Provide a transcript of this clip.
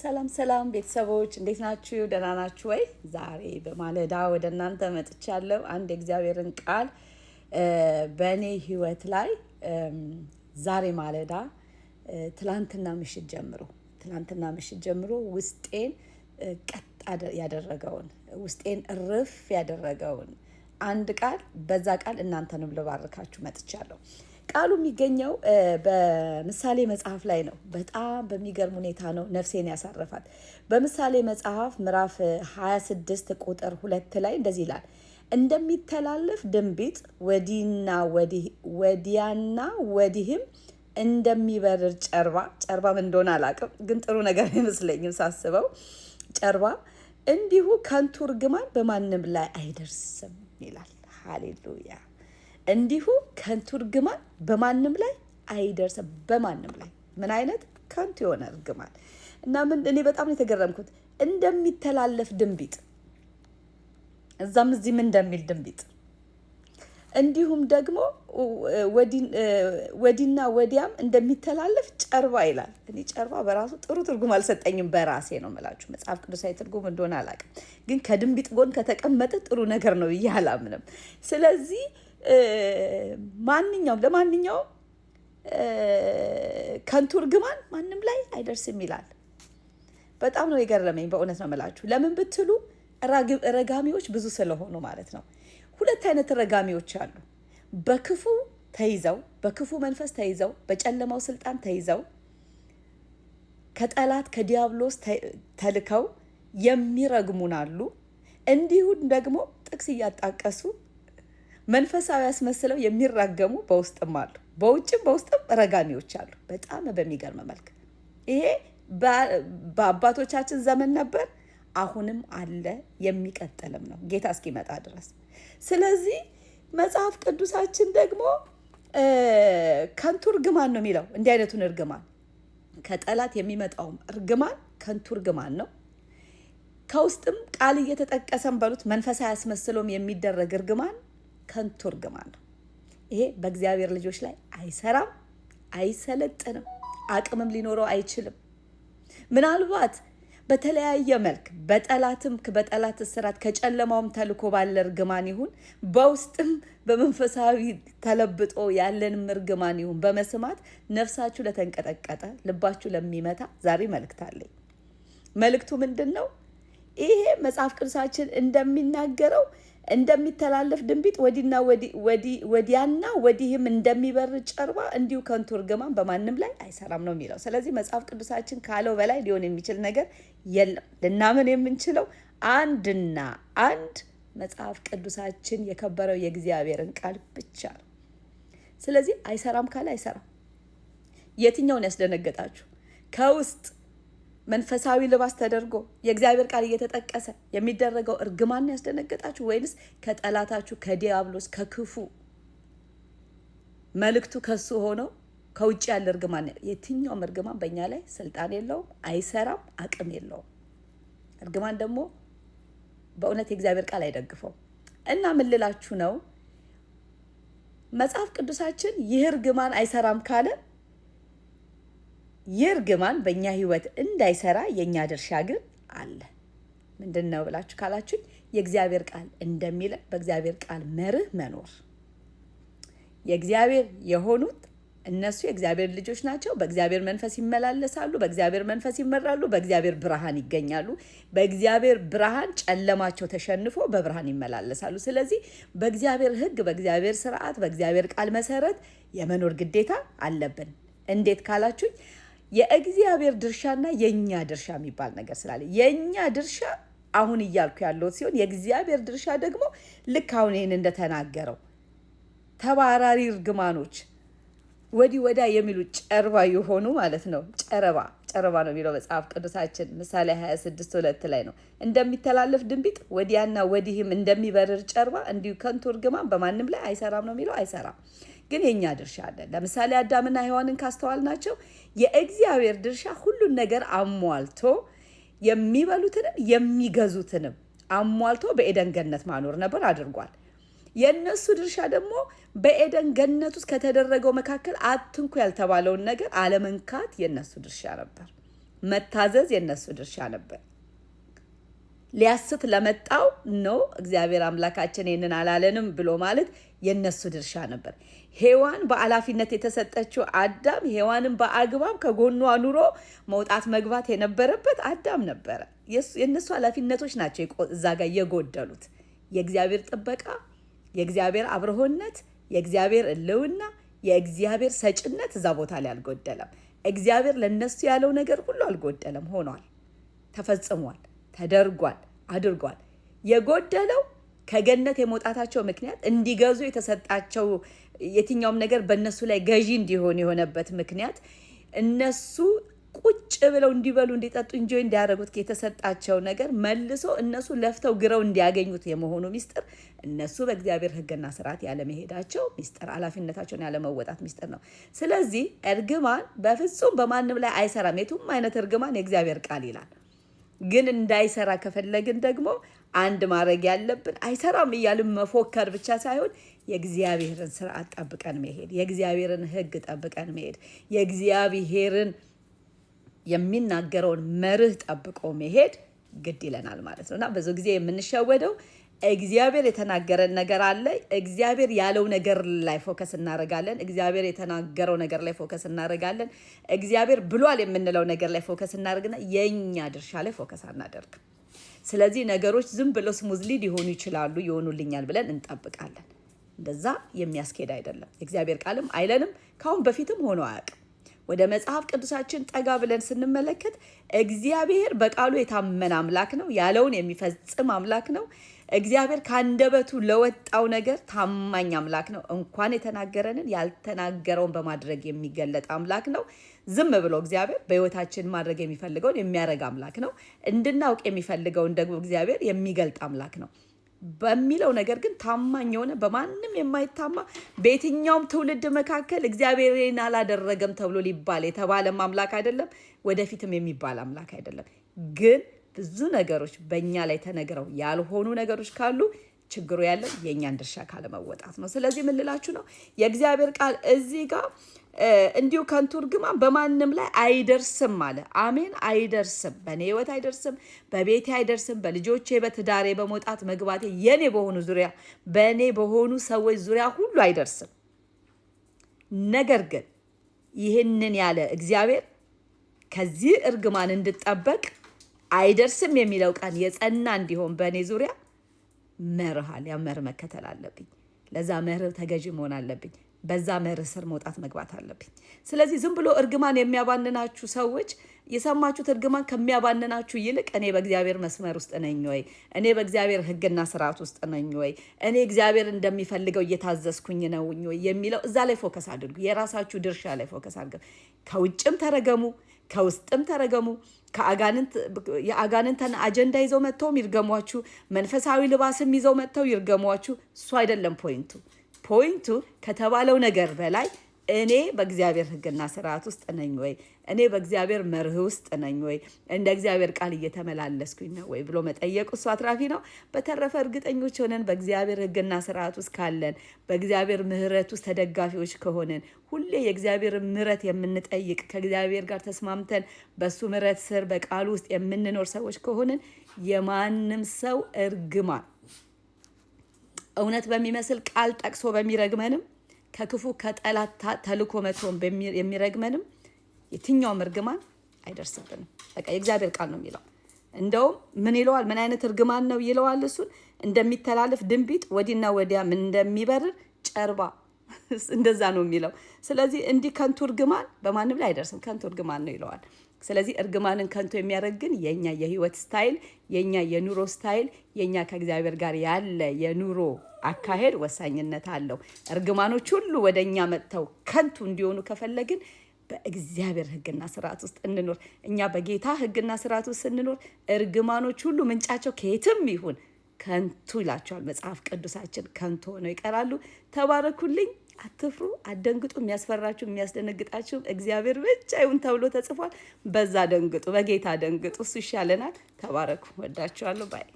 ሰላም ሰላም ቤተሰቦች እንዴት ናችሁ? ደህና ናችሁ ወይ? ዛሬ በማለዳ ወደ እናንተ መጥቻለሁ። አንድ የእግዚአብሔርን ቃል በእኔ ህይወት ላይ ዛሬ ማለዳ ትላንትና ምሽት ጀምሮ ትላንትና ምሽት ጀምሮ ውስጤን ቀጥ ያደረገውን ውስጤን እርፍ ያደረገውን አንድ ቃል በዛ ቃል እናንተንም ልባርካችሁ መጥቻለሁ። ቃሉ የሚገኘው በምሳሌ መጽሐፍ ላይ ነው። በጣም በሚገርም ሁኔታ ነው ነፍሴን ያሳረፋት። በምሳሌ መጽሐፍ ምዕራፍ 26 ቁጥር ሁለት ላይ እንደዚህ ይላል እንደሚተላለፍ ድንቢጥ ወዲና ወዲያና ወዲህም እንደሚበርር ጨርባ ጨርባም እንደሆነ አላቅም፣ ግን ጥሩ ነገር አይመስለኝም ሳስበው ጨርባ እንዲሁ ከንቱ እርግማን በማንም ላይ አይደርስም ይላል። ሃሌሉያ እንዲሁ ከንቱ እርግማን በማንም ላይ አይደርስም። በማንም ላይ ምን አይነት ከንቱ የሆነ እርግማን እና ምን እኔ በጣም ነው የተገረምኩት። እንደሚተላለፍ ድንቢጥ እዛም እዚህም እንደሚል ድንቢጥ እንዲሁም ደግሞ ወዲና ወዲያም እንደሚተላለፍ ጨርባ ይላል። እኔ ጨርባ በራሱ ጥሩ ትርጉም አልሰጠኝም። በራሴ ነው የምላችሁ። መጽሐፍ ቅዱሳዊ ትርጉም እንደሆነ አላውቅም፣ ግን ከድንቢጥ ጎን ከተቀመጠ ጥሩ ነገር ነው ብዬ አላምንም። ስለዚህ ማንኛውም ለማንኛውም ከንቱ እርግማን ማንም ላይ አይደርስም ይላል። በጣም ነው የገረመኝ። በእውነት ነው የምላችሁ። ለምን ብትሉ ረጋሚዎች ብዙ ስለሆኑ ማለት ነው። ሁለት አይነት ረጋሚዎች አሉ። በክፉ ተይዘው በክፉ መንፈስ ተይዘው በጨለማው ስልጣን ተይዘው ከጠላት ከዲያብሎስ ተልከው የሚረግሙን አሉ። እንዲሁም ደግሞ ጥቅስ እያጣቀሱ መንፈሳዊ ያስመስለው የሚራገሙ በውስጥም አሉ፣ በውጭም በውስጥም ረጋሚዎች አሉ። በጣም በሚገርም መልክ ይሄ በአባቶቻችን ዘመን ነበር፣ አሁንም አለ፣ የሚቀጥልም ነው ጌታ እስኪመጣ ድረስ። ስለዚህ መጽሐፍ ቅዱሳችን ደግሞ ከንቱ እርግማን ነው የሚለው። እንዲህ አይነቱን እርግማን ከጠላት የሚመጣውም እርግማን ከንቱ እርግማን ነው። ከውስጥም ቃል እየተጠቀሰም በሉት መንፈሳዊ አስመስሎም የሚደረግ እርግማን ከንቱ እርግማን ነው። ይሄ በእግዚአብሔር ልጆች ላይ አይሰራም፣ አይሰለጥንም፣ አቅምም ሊኖረው አይችልም። ምናልባት በተለያየ መልክ በጠላትም በጠላት እስራት ከጨለማውም ተልኮ ባለ እርግማን ይሁን በውስጥም በመንፈሳዊ ተለብጦ ያለንም እርግማን ይሁን በመስማት ነፍሳችሁ ለተንቀጠቀጠ ልባችሁ ለሚመታ ዛሬ መልእክት አለኝ። መልእክቱ ምንድን ነው? ይሄ መጽሐፍ ቅዱሳችን እንደሚናገረው እንደሚተላለፍ ድንቢጥ ወዲና ወዲያና ወዲህም እንደሚበር ጨርባ እንዲሁ ከንቱ እርግማን በማንም ላይ አይሰራም ነው የሚለው። ስለዚህ መጽሐፍ ቅዱሳችን ካለው በላይ ሊሆን የሚችል ነገር የለም። ልናምን የምንችለው አንድና አንድ መጽሐፍ ቅዱሳችን የከበረው የእግዚአብሔርን ቃል ብቻ ነው። ስለዚህ አይሰራም ካለ አይሰራም። የትኛውን ያስደነገጣችሁ ከውስጥ መንፈሳዊ ልባስ ተደርጎ የእግዚአብሔር ቃል እየተጠቀሰ የሚደረገው እርግማን ያስደነገጣችሁ ወይንስ ከጠላታችሁ ከዲያብሎስ ከክፉ መልእክቱ ከሱ ሆነው ከውጭ ያለ እርግማን? የትኛውም እርግማን በእኛ ላይ ስልጣን የለውም፣ አይሰራም፣ አቅም የለውም። እርግማን ደግሞ በእውነት የእግዚአብሔር ቃል አይደግፈው እና ምን ልላችሁ ነው መጽሐፍ ቅዱሳችን ይህ እርግማን አይሰራም ካለ ይህ እርግማን በእኛ ህይወት እንዳይሰራ የእኛ ድርሻ ግን አለ። ምንድን ነው ብላችሁ ካላችሁኝ የእግዚአብሔር ቃል እንደሚለ በእግዚአብሔር ቃል መርህ መኖር የእግዚአብሔር የሆኑት እነሱ የእግዚአብሔር ልጆች ናቸው። በእግዚአብሔር መንፈስ ይመላለሳሉ፣ በእግዚአብሔር መንፈስ ይመራሉ፣ በእግዚአብሔር ብርሃን ይገኛሉ። በእግዚአብሔር ብርሃን ጨለማቸው ተሸንፎ በብርሃን ይመላለሳሉ። ስለዚህ በእግዚአብሔር ሕግ፣ በእግዚአብሔር ስርዓት፣ በእግዚአብሔር ቃል መሰረት የመኖር ግዴታ አለብን። እንዴት ካላችሁኝ የእግዚአብሔር ድርሻና የእኛ ድርሻ የሚባል ነገር ስላለ የእኛ ድርሻ አሁን እያልኩ ያለሁት ሲሆን የእግዚአብሔር ድርሻ ደግሞ ልክ አሁን ይህን እንደተናገረው ተባራሪ እርግማኖች ወዲህ ወዳ የሚሉ ጨርባ የሆኑ ማለት ነው። ጨረባ ጨረባ ነው የሚለው መጽሐፍ ቅዱሳችን ምሳሌ 26 ሁለት ላይ ነው። እንደሚተላለፍ ድንቢጥ ወዲያና ወዲህም እንደሚበርር ጨርባ እንዲሁ ከንቱ እርግማን በማንም ላይ አይሰራም ነው የሚለው አይሰራም። ግን የእኛ ድርሻ አለን። ለምሳሌ አዳምና ሔዋንን ካስተዋል ናቸው የእግዚአብሔር ድርሻ ሁሉን ነገር አሟልቶ የሚበሉትንም የሚገዙትንም አሟልቶ በኤደን ገነት ማኖር ነበር አድርጓል። የእነሱ ድርሻ ደግሞ በኤደን ገነት ውስጥ ከተደረገው መካከል አትንኩ ያልተባለውን ነገር አለመንካት የእነሱ ድርሻ ነበር። መታዘዝ የእነሱ ድርሻ ነበር። ሊያስት ለመጣው ነው እግዚአብሔር አምላካችን ይህንን አላለንም ብሎ ማለት የነሱ ድርሻ ነበር። ሔዋን በኃላፊነት የተሰጠችው አዳም ሔዋንን በአግባብ ከጎኗ ኑሮ መውጣት መግባት የነበረበት አዳም ነበረ። የእነሱ ኃላፊነቶች ናቸው እዛ ጋር የጎደሉት። የእግዚአብሔር ጥበቃ፣ የእግዚአብሔር አብረሆነት፣ የእግዚአብሔር እልውና፣ የእግዚአብሔር ሰጭነት እዛ ቦታ ላይ አልጎደለም። እግዚአብሔር ለእነሱ ያለው ነገር ሁሉ አልጎደለም፣ ሆኗል፣ ተፈጽሟል። ተደርጓል አድርጓል። የጎደለው ከገነት የመውጣታቸው ምክንያት እንዲገዙ የተሰጣቸው የትኛውም ነገር በእነሱ ላይ ገዢ እንዲሆን የሆነበት ምክንያት እነሱ ቁጭ ብለው እንዲበሉ እንዲጠጡ እንጆ እንዲያደርጉት የተሰጣቸው ነገር መልሶ እነሱ ለፍተው ግረው እንዲያገኙት የመሆኑ ሚስጥር እነሱ በእግዚአብሔር ሕግና ስርዓት ያለመሄዳቸው ሚስጥር፣ ኃላፊነታቸውን ያለመወጣት ሚስጥር ነው። ስለዚህ እርግማን በፍጹም በማንም ላይ አይሰራም። የቱም አይነት እርግማን የእግዚአብሔር ቃል ይላል ግን እንዳይሰራ ከፈለግን ደግሞ አንድ ማድረግ ያለብን አይሰራም እያልን መፎከር ብቻ ሳይሆን የእግዚአብሔርን ስርዓት ጠብቀን መሄድ፣ የእግዚአብሔርን ሕግ ጠብቀን መሄድ፣ የእግዚአብሔርን የሚናገረውን መርህ ጠብቆ መሄድ ግድ ይለናል ማለት ነው እና ብዙ ጊዜ የምንሸወደው እግዚአብሔር የተናገረን ነገር አለ። እግዚአብሔር ያለው ነገር ላይ ፎከስ እናደርጋለን። እግዚአብሔር የተናገረው ነገር ላይ ፎከስ እናደርጋለን። እግዚአብሔር ብሏል የምንለው ነገር ላይ ፎከስ እናደርግና የእኛ ድርሻ ላይ ፎከስ አናደርግም። ስለዚህ ነገሮች ዝም ብለው ስሙዝሊ ሊሆኑ ይችላሉ፣ ይሆኑልኛል ብለን እንጠብቃለን። እንደዛ የሚያስኬድ አይደለም። እግዚአብሔር ቃልም አይለንም፣ ካሁን በፊትም ሆኖ አያውቅም። ወደ መጽሐፍ ቅዱሳችን ጠጋ ብለን ስንመለከት እግዚአብሔር በቃሉ የታመነ አምላክ ነው። ያለውን የሚፈጽም አምላክ ነው። እግዚአብሔር ከአንደበቱ ለወጣው ነገር ታማኝ አምላክ ነው። እንኳን የተናገረንን ያልተናገረውን በማድረግ የሚገለጥ አምላክ ነው። ዝም ብሎ እግዚአብሔር በሕይወታችን ማድረግ የሚፈልገውን የሚያደርግ አምላክ ነው። እንድናውቅ የሚፈልገውን ደግሞ እግዚአብሔር የሚገልጥ አምላክ ነው በሚለው ነገር ግን ታማኝ የሆነ በማንም የማይታማ በየትኛውም ትውልድ መካከል እግዚአብሔርን አላደረገም ተብሎ ሊባል የተባለም አምላክ አይደለም፣ ወደፊትም የሚባል አምላክ አይደለም ግን ብዙ ነገሮች በእኛ ላይ ተነግረው ያልሆኑ ነገሮች ካሉ ችግሩ ያለው የእኛን ድርሻ ካለመወጣት ነው። ስለዚህ ምን ነው? የእግዚአብሔር ቃል እዚህ ጋር እንዲሁ ከንቱ እርግማን በማንም ላይ አይደርስም አለ። አሜን። አይደርስም፣ በእኔ ህይወት አይደርስም፣ በቤቴ አይደርስም፣ በልጆቼ፣ በትዳሬ፣ በመውጣት መግባቴ፣ የኔ በሆኑ ዙሪያ በእኔ በሆኑ ሰዎች ዙሪያ ሁሉ አይደርስም። ነገር ግን ይህንን ያለ እግዚአብሔር ከዚህ እርግማን እንድጠበቅ አይደርስም የሚለው ቃል የጸና እንዲሆን በእኔ ዙሪያ መርሃል ያ መርህ መከተል አለብኝ። ለዛ መርህ ተገዥ መሆን አለብኝ። በዛ መርህ ስር መውጣት መግባት አለብኝ። ስለዚህ ዝም ብሎ እርግማን የሚያባንናችሁ ሰዎች የሰማችሁት እርግማን ከሚያባንናችሁ ይልቅ እኔ በእግዚአብሔር መስመር ውስጥ ነኝ ወይ፣ እኔ በእግዚአብሔር ሕግና ስርዓት ውስጥ ነኝ ወይ፣ እኔ እግዚአብሔር እንደሚፈልገው እየታዘዝኩኝ ነው ወይ የሚለው እዛ ላይ ፎከስ አድርጉ። የራሳችሁ ድርሻ ላይ ፎከስ አድርገ ከውጭም ተረገሙ፣ ከውስጥም ተረገሙ። የአጋንንተን አጀንዳ ይዘው መጥተውም ይርገሟችሁ፣ መንፈሳዊ ልባስም ይዘው መጥተው ይርገሟችሁ። እሱ አይደለም ፖይንቱ። ፖይንቱ ከተባለው ነገር በላይ እኔ በእግዚአብሔር ሕግና ስርዓት ውስጥ ነኝ ወይ? እኔ በእግዚአብሔር መርህ ውስጥ ነኝ ወይ? እንደ እግዚአብሔር ቃል እየተመላለስኩኝ ነው ወይ ብሎ መጠየቁ እሱ አትራፊ ነው። በተረፈ እርግጠኞች ሆነን በእግዚአብሔር ሕግና ስርዓት ውስጥ ካለን፣ በእግዚአብሔር ምሕረት ውስጥ ተደጋፊዎች ከሆነን ሁሌ የእግዚአብሔር ምሕረት የምንጠይቅ ከእግዚአብሔር ጋር ተስማምተን በእሱ ምሕረት ስር በቃሉ ውስጥ የምንኖር ሰዎች ከሆንን የማንም ሰው እርግማን እውነት በሚመስል ቃል ጠቅሶ በሚረግመንም ከክፉ ከጠላት ተልኮ መቶን የሚረግመንም የትኛውም እርግማን አይደርስብንም። በቃ የእግዚአብሔር ቃል ነው የሚለው። እንደውም ምን ይለዋል? ምን አይነት እርግማን ነው ይለዋል? እሱን እንደሚተላለፍ ድንቢጥ ወዲና ወዲያም እንደሚበርር ጨርባ እንደዛ ነው የሚለው። ስለዚህ እንዲህ ከንቱ እርግማን በማንም ላይ አይደርስም፣ ከንቱ እርግማን ነው ይለዋል። ስለዚህ እርግማንን ከንቱ የሚያደርግ ግን የእኛ የህይወት ስታይል፣ የእኛ የኑሮ ስታይል፣ የእኛ ከእግዚአብሔር ጋር ያለ የኑሮ አካሄድ ወሳኝነት አለው። እርግማኖች ሁሉ ወደ እኛ መጥተው ከንቱ እንዲሆኑ ከፈለግን በእግዚአብሔር ህግና ስርዓት ውስጥ እንኖር። እኛ በጌታ ህግና ስርዓት ውስጥ ስንኖር እርግማኖች ሁሉ ምንጫቸው ከየትም ይሁን ከንቱ ይላቸዋል መጽሐፍ ቅዱሳችን። ከንቱ ሆነው ይቀራሉ። ተባረኩልኝ። አትፍሩ፣ አደንግጡ የሚያስፈራችሁ የሚያስደነግጣችሁ እግዚአብሔር ብቻ ይሁን ተብሎ ተጽፏል። በዛ ደንግጡ፣ በጌታ ደንግጡ። እሱ ይሻለናል። ተባረኩ። ወዳችኋለሁ ባይ